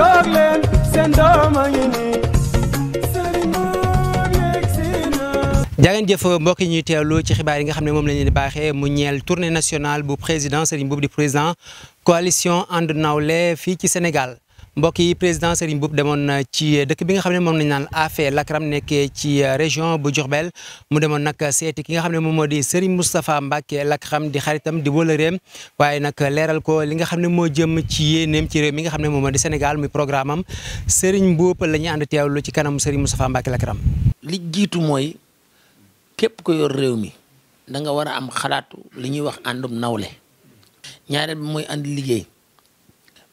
jóg leen seen jëf mbokk ñuy teewlu ci xibaar yi nga xam ne moom la ñu di baaxee mu ñeel tournée nationale bu président Serigne Mboup di président coalition ànd nawle fii ci Sénégal mbokk yi président Serigne Mboup demoon na ci dëkk bi nga xam ne moom nañ naan Afé Lakram nekkee ci région bu Diourbel mu demoon nag seeti ki nga xam ne moom moo di Serigne Moustapha Mbacké Lakram di xaritam di wëlëreem waaye nag leeral ko li nga xam ne moo jëm ci yéeneem ci réew mi nga xam ne moom moo di Sénégal muy programme am Serigne la ñuy ànd teewlu ci kanam Serigne Moustapha Mbacké Lakram li jiitu mooy képp ko yor réew mi da nga war a am xalaatu li ñuy wax àndum nawle ñaareel bi mooy ànd liggéey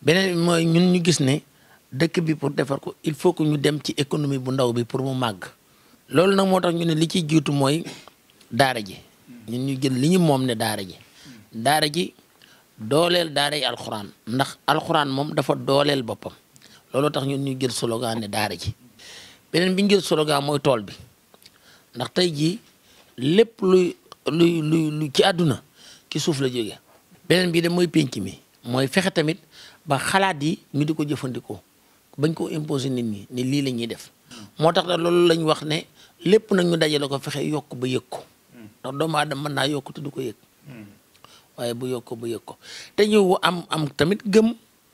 beneen bi mooy ñun ñu gis ne dëkk bi pour defar ko il faut que ñu dem ci économie bu ndaw bi pour mu màgg loolu nag moo tax ñu ne li ciy jiitu mooy daara ji ñun ñu jël li ñu moom ne daara ji daara ji dooleel daara yi ndax alxuraan moom dafa dooleel boppam looloo tax ñun ñu jël slogan daara ji beneen bi ñu jël mooy tool bi ndax tey jii lépp luy luy luy ci àdduna ci suuf la jóge beneen bi de mooy pénc mi mooy fexe tamit ba xalaat yi ñu di ko jëfandikoo bañ ko imposer nit ñi ni lii la ñuy def moo tax loolu lañ wax ne lépp nag ñu dajale ko fexe yokk ba yëg ko ndax doomu mën naa yokk te du ko yëg waaye bu yokk ba yëg ko te ñu am am tamit gëm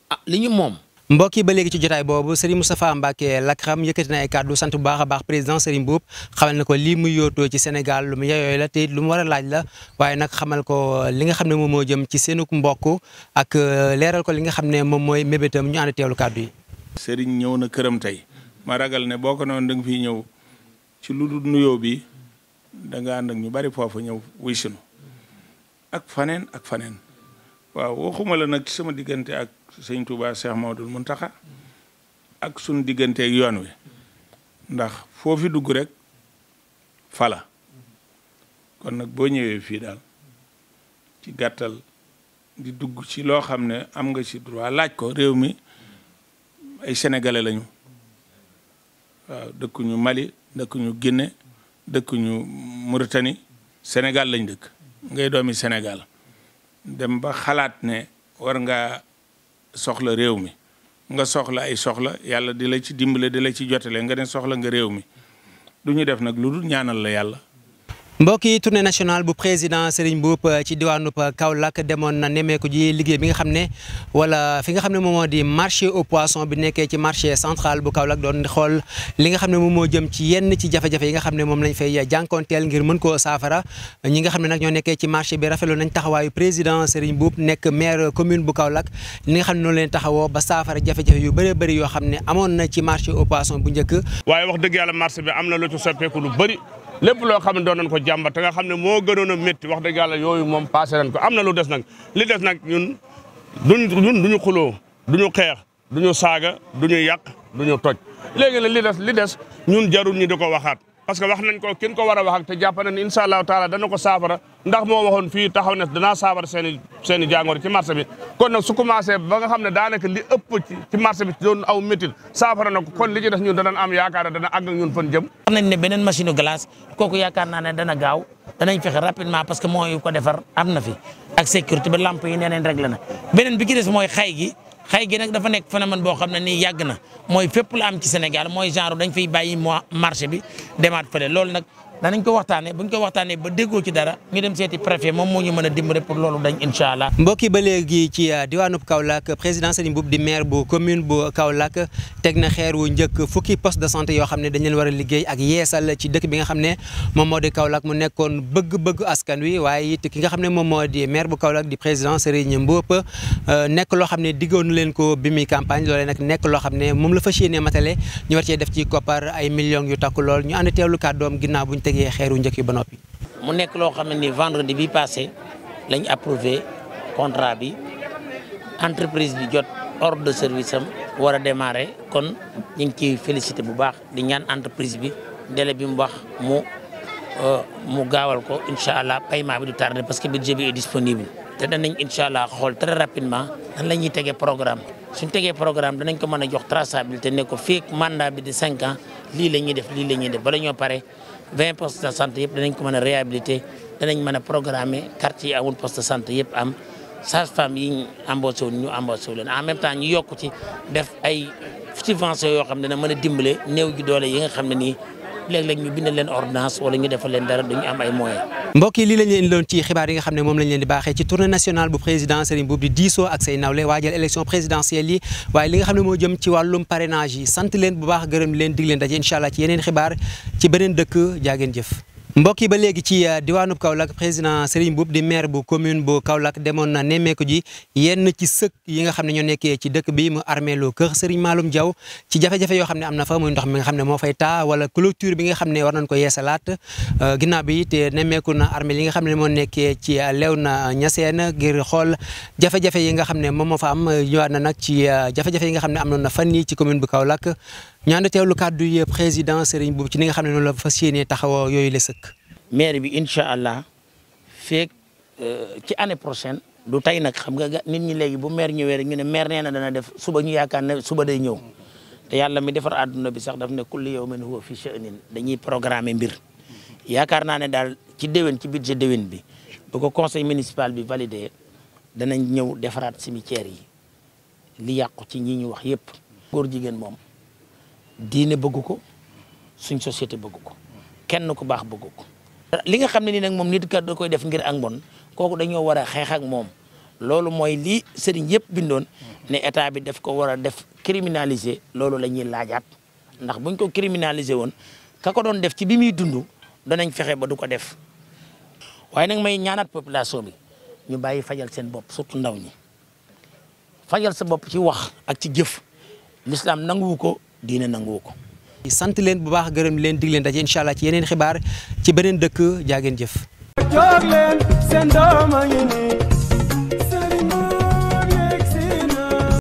ah, li ñu moom mbokk yi ba léegi ci jotaay boobu Serigne Moustapha Mbacke Lakram yëkkati na ay kàddu sant bu baax a baax président Serigne Mboup xamal na ko lii mu yootoo ci Sénégal lu mu yeyooy la te lu mu war a laaj la waaye nag xamal ko li nga xam ne moom moo jëm ci seenuk mbokk ak euh, leeral ko li nga xam ne moom mooy mébétam ñu ànd teewlu kàddu yi. Serigne ñëw na këram tey ma ragal ne boo ko noonu da nga ñëw ci lu dul nuyoo bi da nga ànd ak ñu bari foofu ñëw wuy sunu ak faneen ak faneen waaw waxuma la nag ci sama diggante ak sëñ Touba dul Maodul taxa ak suñ diggante yoon wi ndax foofi dugg rek fala kon nag boo ñëwee fii daal ci gàttal di dugg ci loo xam ne am nga ci droit laaj ko réew mi ay sénégalais lañu waaw dëkkuñu Mali dëkkuñu dëkku ñu Mauritanie Sénégal lañ dëkk ngay doomi Sénégal dem ba xalaat ne war nga soxla réew mi nga soxla ay soxla yàlla di la ci dimbale di la ci jotale nga ne soxla nga réew mi du ñu def nag lu dul ñaanal la yàlla mbokk yi tournée nationale bu président Serigne Mboup euh, ci diwaanu euh, Kaolack demoon na nemmeeku ji liggéey bi nga xam ne wala fi nga xam ne moom moo di marché au bi nekkee ci marché central bu Kaolack doon xool li nga ne moom moo jëm ci yenn ci jafe yi nga xam ne moom lañ fay jànkonteel ngir mën koo saafara ñi nga xam ne nag ñoo nekkee ci marché bi rafetlu nañ taxawaayu président Serigne Mboup nekk maire commune bu Kaolack li nga xam ne noonu leen taxawoo ba saafara jafe-jafe yu bëree bëri yoo xam ne amoon na ci marché au poisson bu njëkk waaye wax dëgg yàlla marché bi am na lu lu bëri lépp loo xam ne ko jàmbat te nga xam ne moo gënoon a métti wax dëgg yàlla yooyu moom passé nañ ko am na lu des nag li des nag ñun duñ ñun duñu xuloo duñu xeex duñu saaga duñu yàq duñu toj léegi nag li des li des ñun jarul ñu di ko waxaat parce que wax nañ ko kin ko war a wax ak te jàpp nañ incha allahu taala dana ko saafara ndax moo waxoon fii taxaw ne danaa saafara seen i seen ci marché bi kon nag su xam ne daanaka li ëpp ci ci marché doon aw métit saafara na ko kon li ci des ñun danañ am yaakaar dana àgg ak ñun fan jëm wax nañ ne beneen machine glace kooku yaakaar naa ne dana gaaw danañ fexe rapidement parce que mooy ko defar am na fi ak sécurité ba lamp yi nee nañ réglé na beneen bi ki mooy xay gi xëy gi dafa nekk phénomène boo xam ne nii yàgg na mooy fépp la am ci Sénégal mooy genre dañ fiy bàyyi marché bi demaat fale loolu nag danañ ko waxtaanee bu buñ ko waxtaanee ba déggoo ci dara ñu dem seeti préfet moom moo ñu mën a dimbale pour loolu dañ incha allah. mbokki ba léegi ci euh, diwaanub Kaolack président Serigne Mboup maire bu commune bu Kaolack teg na xeer njëkk fukki poste de santé yoo xam ne dañ war a liggéey ak yeesal ci dëkk bi nga xam ne moom moo di Kaolack mu nekkoon bëgg-bëgg askan wi waaye it ki nga xam ne moom moo di maire bu Kaolack di président Serigne Mboup euh, nekk loo xam ne diggoon leen ko bi muy campagne loolee nag nekk loo xam ne moom la fas yéenee matale ñu war cee def ci koppar ay millions yu takku lool ñu ànd teewlu kàddoom ginnaaw buñ teg tegee xeeru njëkk yi ba noppi. mu nekk loo xam ne ni vendredi bi passé lañ approuvé contrat bi entreprise bi jot ordre de service am war a démarrer kon ñu ngi ciy félicité bu baax di ñaan entreprise bi délai bi mu wax mu euh, mu gaawal ko incha allah paiement bi du tardé parce que budget bi est disponible. te danañ incha allah xool très rapidement nan la ñuy tegee programme suñ tegee programme danañ ko mën a jox traçabilité ne ko fii mandat bi di cinq ans lii la def lii la ñuy pare. vingt postes de santé yëpp danañ ko mën a réhabilité danañ mën a programmer quartier yi amul poste de santé yëpp am sage-femme yi ñu embauché ñu embauché wu leen en même temps ñu yokk ci def ay subventions yoo xam ne dana mën a dimbale néew gi doole yi nga xam ne nii léeg-léeg ñu bindal leen ordonnance wala ñu defal leen dara duñu am ay moyens. mbokk li lii lañ leen loon ci xibaar yi nga xam ne moom lañ leen di baaxee ci tournée nationale bu président Serigne Mboup di diisoo ak say nawle waajal élection présidentielle yi waaye li nga xam ne moo jëm ci wàllum parrainage yi sant leen bu baax gërëm leen dig leen daje incha allah ci yeneen xibaar ci beneen dëkk jaageen jëf mbokk yi ba léegi ci euh, diwaanub Kaolack président Serigne Mboup di maire bu commune bu Kaolack demoon na nemmeeku ji yenn ci sëkk yi nga xam ne ñoo nekkee ci dëkk bi mu armé loo kër Serigne Maloum ci jafe-jafe yoo xam ne am na fa muy ndox mi xam ne moo fay taa wala clôture bi nga xam ne war nañ ko yeesalaat euh, ginnaaw bi te nemmeeku na armé li nga xam ne moo nekkee ci lew na ñaseen ngir xool jafe yi nga xam ne moom moo fa am ñëwaat na nag ci euh, jafe-jafe yi nga xam ne am na fan yi ci commune bu Kaolack ñu ànd teewlu kàddu yi président Serigne Boubou ci ni nga xam ne noonu la fa yéenee taxaw yooyu la sëkk. maire bi incha allah feeg euh, ci année prochaine. du tey nag xam nga nit ñi léegi bu maire ñëwee rek ñu ne maire nee na dana def suba ñu yaakaar ne suba day ñëw te yàlla mi defar àdduna bi sax daf ne kulli yawmin huwa fi sha'nin dañuy programme mbir yaakaar naa ne daal ci déwén ci budget déwén bi bu ko conseil municipal bi validé danañ ñëw defaraat cimetière yi li yàqu ci ñi ñu wax yëpp góor jigéen moom diine bëgg ko suñ société bëgg ko kenn ku baax bëgg ko. li nga xam ne nii nag moom nit kat da koy def ngir ak mbon kooku dañoo war a xeex ak moom loolu mooy lii sëriñ yëpp bindoon ne état bi def ko war a def criminaliser loolu la ñuy laajaat ndax buñ ko criminaliser woon ka ko doon def ci bi muy dund danañ fexe ba du ko def waaye nag may ñaanaat population bi ñu bàyyi fajal seen bopp surtout ndaw ñi fajal sa bopp ci wax ak ci jëf l'islam nanguwu ko. diine nangu ko. sant leen bu baax gërëm leen dig leen daje incha allah ci yeneen xibaar ci beneen dëkk jaa ngeen jëf.